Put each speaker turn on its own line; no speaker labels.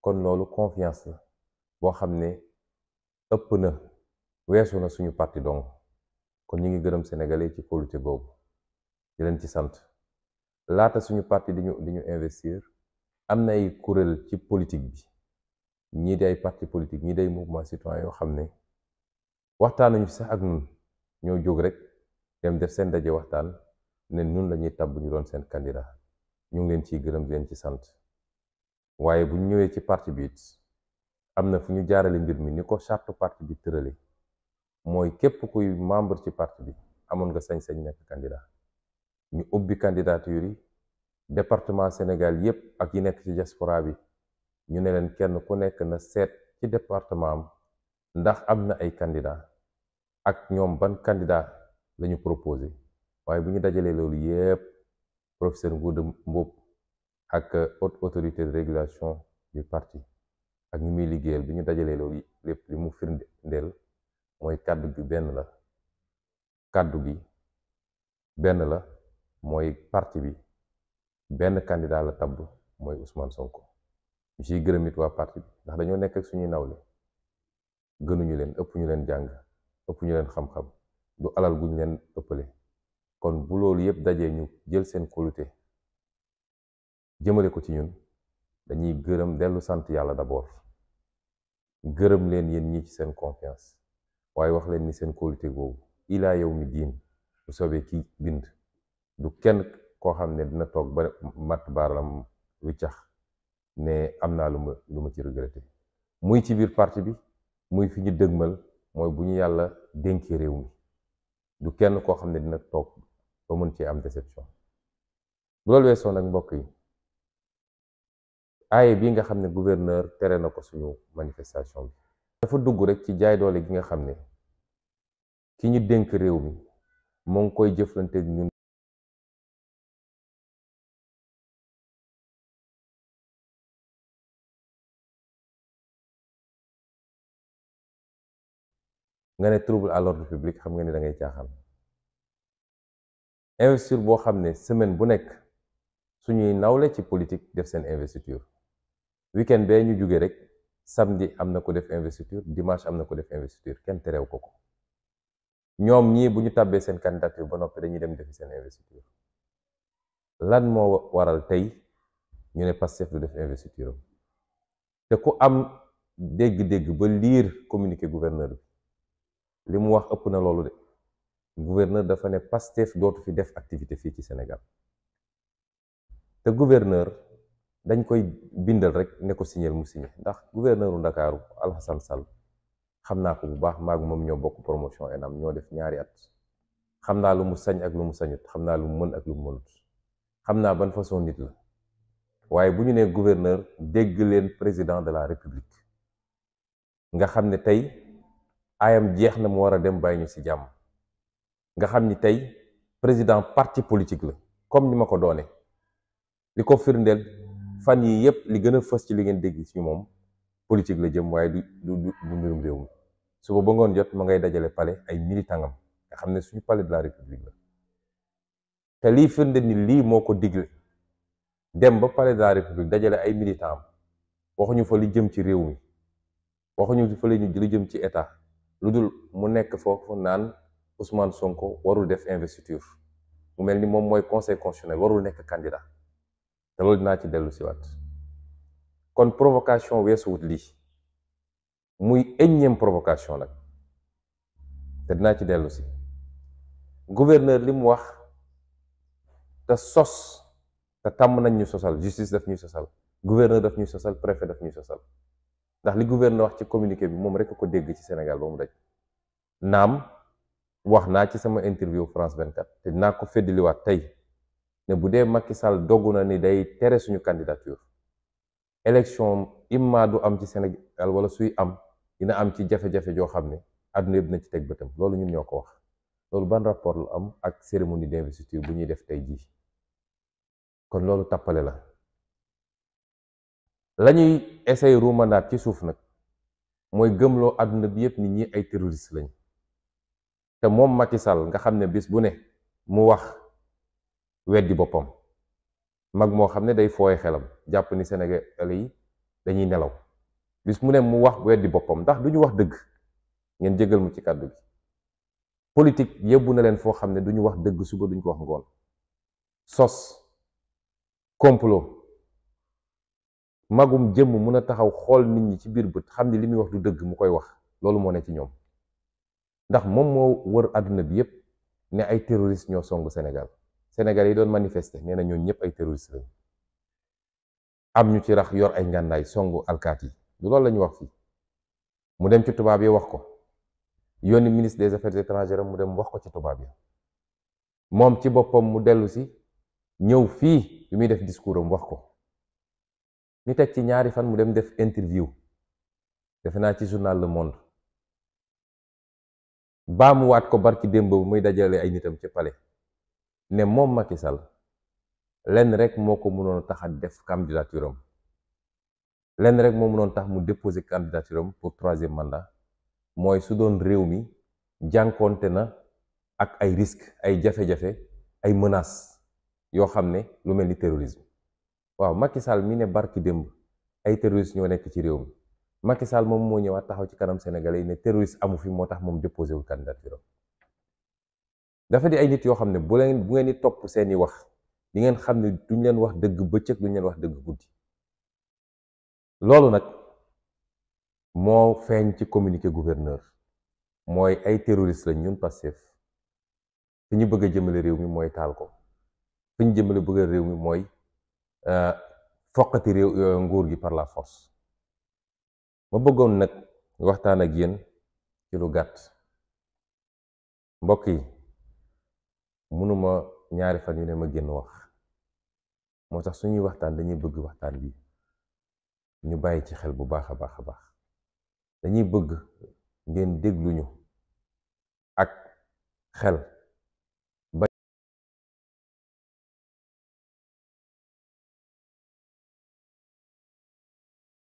kon loolu confiance la boo xam ne ëpp na weesu na suñu parti dong kon ñu ngi gërëm sénégalais ci kóolute boobu di leen ci sant laata suñu parti di ñu di ñu investir am na ay kuréel ci politique bi ñii di ay parti politique ñii day mouvement citoyen yoo xam ne waxtaanuñu sax ak ñun ñoo jóg rek dem def seen daje waxtaan ne ñun la tab tàbb ñu doon seen candidat ñu ngi leen ciy gërëm di leen ci sant waaye bu ñëwee ci parti bi am na fu ñu jaarale mbir mi ni ko charte parti bi tërale mooy képp kuy membre ci parti bi amoon nga sañ-sañ nekk candidat ñu ubbi candidature yi département Sénégal yépp ak yu nekk ci diaspora bi ñu ne leen kenn ku nekk na seet ci département am ndax am na ay candidat ak ñoom ban candidat lañu proposé waaye buñu dajalee loolu yépp professeur Ngouda Mboup ak euh, haute autorité de régulation du parti ak ñi muy liggéeyal bi ñu dajalee loolu lépp li mu firndeel mooy kàddu gi benn la kàddu bi benn la mooy parti bi benn candidat la tabb mooy Ousmane Sonko ñu ciy gërëm it waa parti bi ndax dañoo nekk ak suñuy nawle gënuñu leen ëpp ñu leen jàng ëpp ñu leen xam-xam du alal guñ leen ëppale kon bu loolu yëpp dajee ñu jël seen kóolute jëmale ko ci ñun dañuy gërëm dellu sant yàlla d'abord gërëm leen yéen ñii ci seen confiance waaye wax leen ni seen kóolute boobu ilaa yow mi diin bu soobee ki bind du kenn koo xam ne dina toog ba matt baaram wiccax ne am naa lu lu ma ci regretté muy ci biir parti bi muy fi ñu dëgmal mooy bu ñu yàlla dénkee réew mi du kenn koo xam ne dina toog ba mën am déception bu loolu weesoo nag mbokk yi aaye bii nga xam ne gouverneur tere na ko suñu manifestation bi dafa dugg rek ci jaay doole gi nga xam ne ki ñu dénk réew mi moo ngi koy jëflante ñun nga ne trouble à l'ordre public xam nga ne dangay ngay caaxaan investiture boo xam ne semaine bu nekk suñuy nawle ci politik def seen investiture weekend bee ñu jóge rek samedi am na ko def investiture dimanche am na ko def investiture kenn terew ko ko ñoom ñii bu ñu tàbbee seen candidature ba noppi dañuy dem defi seen investiture lan moo waral tey ñu ne Pastef du def investiture te ku am dégg-dégg ba liir communiqué gouverneur bi li mu wax ëpp na loolu de gouverneur dafa ne Pastef dootu fi def activité fii ci senegal te gouverneur dañ koy bindal rek ne ko signé mu signé ndax gouverneur u Ndakaaru Alhassane sal xam naa ko bu baax maag moom ñoo bokk promotion ENAM ñoo def ñaari at xam naa lu mu sañ ak lu mu sañut xam naa lu mu mën ak lu mu mënut xam naa ban façon nit la waaye bu ñu nee gouverneur dégg leen président de la république nga xam ne tey ayam jeex na mu war a dem bàyyi ñu ci jàmm nga xam ni tey président parti politique la comme ni ma ko doone li ko firndeel fan yii yëpp li gën a fës ci li ngeen dégg ci moom politique la jëm waaye du du du mbirum réew mi suba ba ngoon jot ma ngay dajale palais ay militangam nga xam ne suñu palais de république la te lii firnde ni lii moo ko digle dem ba palais de république dajale ay militant am waxuñu fa li jëm ci réew mi waxuñu fa li jëm ci état lu dul mu nekk foofu naan Ousmane Sonko warul def investiture mu mel ni moom mooy conseil constitutionnel warul nekk candidat te loolu dinaa ci dellu siwaat kon provocation weesuwut lii muy énième provocation nag te dinaa ci dellusi si li mu wax te sos te tàmm nañ ñu sosal justice daf ñuy sosal gouverneur daf ñuy sosal préfet daf ñuy sosal ndax li gouverneur wax ci communiqué bi moom rek ko dégg ci Sénégal ba mu daj naam wax naa ci sama interview France 24 te dinaa ko feddaliwaat tey ne bu dee Macky Sall dogu na ni day tere suñu candidature élection imma du am ci Sénégal wala suy am dina am ci jafe-jafe joo xam ne àdduna yëpp na ci teg bëtam loolu ñun ñoo ko wax loolu ban rapport lu am ak cérémonie d'investiture bu ñuy def tey jii kon loolu tappale la lañuy ñuy essayer ci suuf nag mooy gëmloo àdduna bi yëpp nit ñi ay terroriste lañ te moom Macky nga xam ne bis bu ne mu wax weddi boppam mag moo xam ne day fooye xelam jàpp ni Sénégalais yi dañuy nelaw bis mu ne mu wax weddi boppam ndax du ñu wax dëgg ngeen jégal mu ci kàddu bi politique yóbbu na leen foo xam ne du wax dëgg suba duñ ko wax ngoon sos complot magum jëmm mun a taxaw xool nit ñi ci biir bët xam ni li muy wax du dëgg mu koy wax loolu moo ne ci ñoom ndax moom moo wër àdduna bi yépp ne ay terroristes ñoo song Sénégal Sénégalais yi doon manifester nee na ñooñu ñëpp ay terroristes lañu am ñu ci rax yor ay ngànnaay songu alkaati yi du loolu la wax fii mu dem ci tubaab yi wax ko yónni ministre des affaires étrangères mu dem wax ko ci tubaab yi moom ci boppam mu dellu si ñëw fii bi muy def discours am wax ko ñu teg ci ñaari fan mu dem def interview defe naa ci journal Le Monde baamuwaat ko barki démb muy dajale ay nitam ci pale ne moom Macky Sall lenn rek moo ko mënoon tax a def candidature am lenn rek moo mënoon tax mu déposer candidature am pour troisième mandat mooy su doon réew mi jànkoonte na ak ay risques ay jafe-jafe ay menaces yoo xam ne lu mel ni terrorisme waaw Macky Sall mi ne barki démb ay terroristes ñoo nekk ci réew mi Macky Sall moom moo ñëwaat taxaw ci kanam Sénégalais yi ne terroriste amu fi moo tax moom déposé wul candidature am dafa di ay nit yoo xam ne bu leen bu ngeen di topp seeni wax di ngeen xam ne ñu leen wax dëgg bëccëg duñ leen wax dëgg guddi loolu nag moo feeñ ci communiqué gouverneur mooy ay terroriste lañ ñun Pastef fi ñu bëgg a réew mi mooy taal ko fi ñu jëmale bëgg réew mi mooy euh, foqati réew euh, nguur gi par la force ma bëggoon nag waxtaan ak yéen ci lu gàtt mbokk yi mënuma ñaari fan yu ne ma génn wax moo tax suñuy waxtaan dañuy bëgg waxtaan bi ñu bàyyi ci xel bu baax a baax a baax dañuy bëgg ngeen dégluñu ak xel